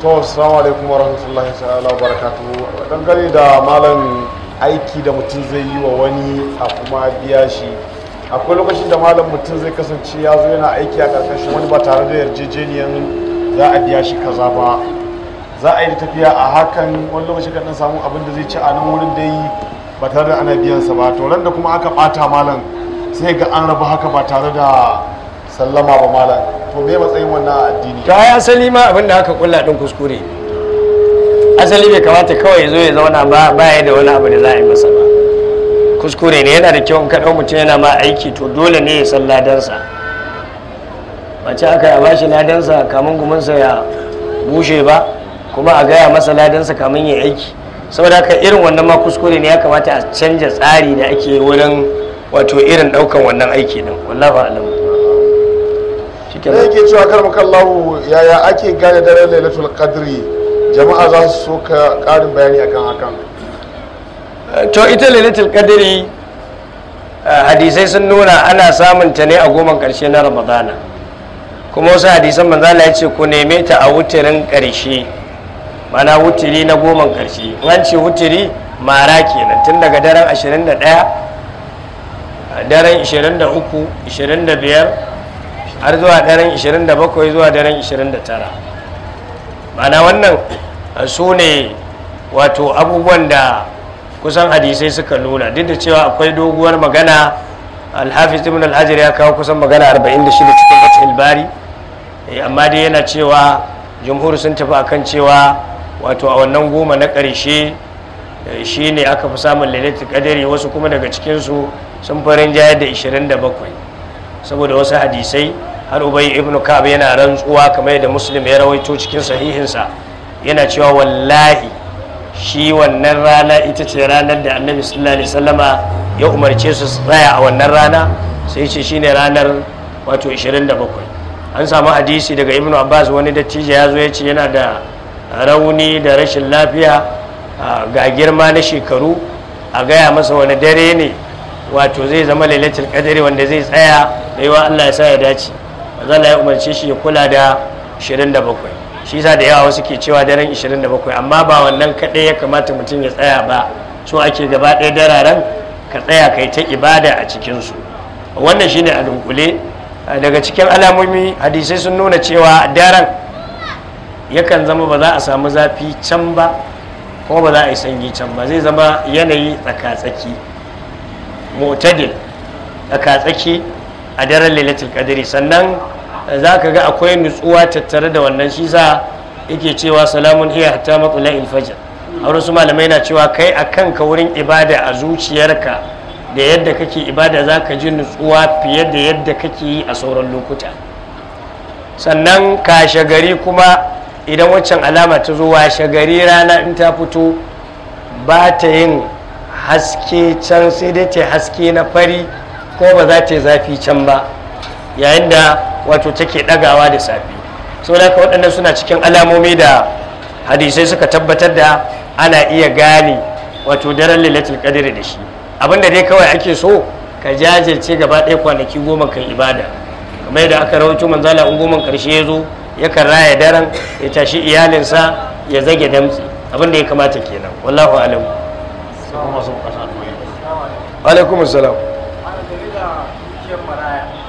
to assalamu alaikum wa rahmatullahi da malam aiki da mutum zai yi wa wani a kuma biya shi akwai lokacin da malam mutum zai kasance ya zo yana aiki a karkashin wani ba tare da yarjejeniyan za a biya shi kaza ba za a yi tafiya a hakan wani lokacin kan samu abin da zai ci a nan wurin da yi ba tare da ana biyan sa ba to ran da kuma aka bata malam sai ga an rabu haka ba tare da sallama ba malam to me matsayin wannan asali ma abin da aka kulla din kuskure asali bai kamata kawai zo ya zauna ba baya da wani abu da za a yi masa ba kuskure ne yana da kyau in kaɗau mutum yana ma aiki to dole ne ya san ladansa mace aka ya bashi ladansa kamun guminsa ya bushe ba kuma a gaya masa ladansa kamun ya aiki saboda haka irin wannan ma kuskure ne ya kamata a canja tsari da ake wurin wato irin ɗaukan wannan aiki din wallahi alamu shikenan yake cewa karmakallahu yaya ake gane daren lailatul qadri jama'a za su so ka karin bayani akan hakan to ita lailatul qadri eh, hadisai sun nuna ana samun ta ne a goma karshe na ramadana kuma wasu hadisan manzala ya ce ku neme ta a wutirin karshe mana wutiri na goma karshe an ce wutiri mara kenan tun daga daren 21 daren 23 25 har zuwa daren 27 zuwa daren 29 mana wannan eh, su ne wato abubuwan da kusan hadisai suka nuna duk da cewa akwai doguwar magana alhafiz ibn alhajar ya kawo kusan magana 46 cikin fathul bari eh, amma dai yana cewa jumhur sun tafi a kan cewa wato a wannan goma na ƙarshe eh, shi ne aka fi samun lalata kadari wasu kuma daga cikinsu sun farin jayar da 27 saboda wasu hadisai har ubay ibn kab yana rantsuwa kamar da muslim ya rawaito cikin sahihinsa yana cewa wallahi shi wannan rana ita ce ranar da annabi sallallahu alaihi wasallama ya umarce su tsaya a wannan rana sai ce shine ranar wato 27 an samu hadisi daga ibnu abbas wani dattijo ya zo ya ce yana da rauni da rashin lafiya ga girma na shekaru a gaya masa wani dare ne wato zai zama lailatul qadri wanda zai tsaya da yawa Allah ya sa ya dace manzala ya umarce shi ya kula da 27 shi sa da yawa wasu ke cewa daren 27 amma ba wannan kaɗai ya kamata mutum ya tsaya ba so ake gaba ɗaya dararen ka tsaya ka yi ta ibada a cikinsu wannan shi ne a dunkule daga cikin alamomi hadisai sun nuna cewa daren yakan zama ba za a samu zafi can ba kuma ba za a yi sanyi can ba zai zama yanayi tsakatsaki motadil tsakatsaki a daren lailatul kadiri sannan eh, za ka ga akwai nutsuwa tattare da wannan shi sa yake cewa salamun iya hatta matla'il fajr a su malamai na cewa kai a kan ka wurin ibada a zuciyarka da yadda kake ibada za ka ji nutsuwa fiye da yadda kake yi a sauran lokuta sannan kashe gari kuma idan waccan alama ta zo washe gari rana in ta fito ba ta yin haske can sai dai ta haske na fari ko ba za ta yi zafi can ba yayin da wato take dagawa da safe so da ka waɗannan suna cikin alamomi da hadisai suka tabbatar da ana iya gane wato daren lailatul qadr da shi abinda dai kawai ake so ka jajirce gaba ɗaya kwanaki goma kan ibada kamar da aka rawaito manzala in goma karshe ya zo yakan raya daren ya tashi iyalinsa ya zage damtsi abinda ya kamata kenan wallahu alam alaikum assalam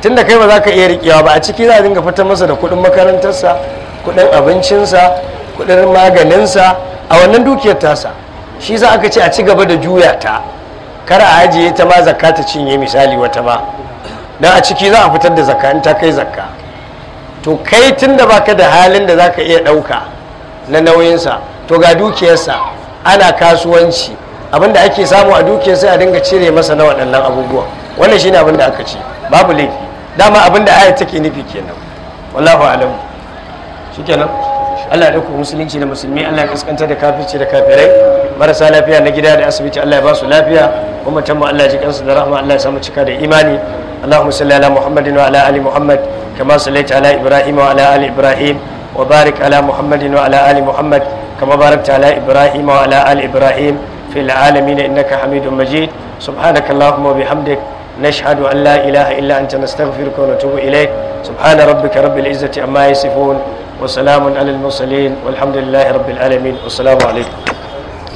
tunda kai ba za ka iya riƙewa ba a ciki za a dinga fitar masa da kuɗin makarantarsa kuɗin abincinsa kuɗin maganinsa a wannan dukiyar tasa shi za aka ce a ci gaba da juya ta kar a ajiye ta ma zakka ta cinye misali wata ma don a ciki za a fitar da zakka in ta kai zakka to kai tun da baka da halin da za ka iya ɗauka na nauyinsa to ga dukiyarsa ana kasuwanci abinda ake samu a dukiyarsa a dinga cire masa na waɗannan abubuwan wannan shine abin da aka ce babu laifi dama abin da ayat take nufi kenan wallahu alamu shikenan Allah ya dauko musulunci da musulmi Allah ya kaskanta da kafirci da kafirai marasa lafiya na gida da asibiti Allah ya ba su lafiya kuma tamma Allah ya ji da Allah ya samu cika da imani اللهم صل على محمد وعلى ال محمد كما صليت على ابراهيم نشهد أن لا إله إلا أنت نستغفرك ونتوب إليك سبحان ربك رب العزة عما يصفون وسلام على المرسلين والحمد لله رب العالمين والسلام عليكم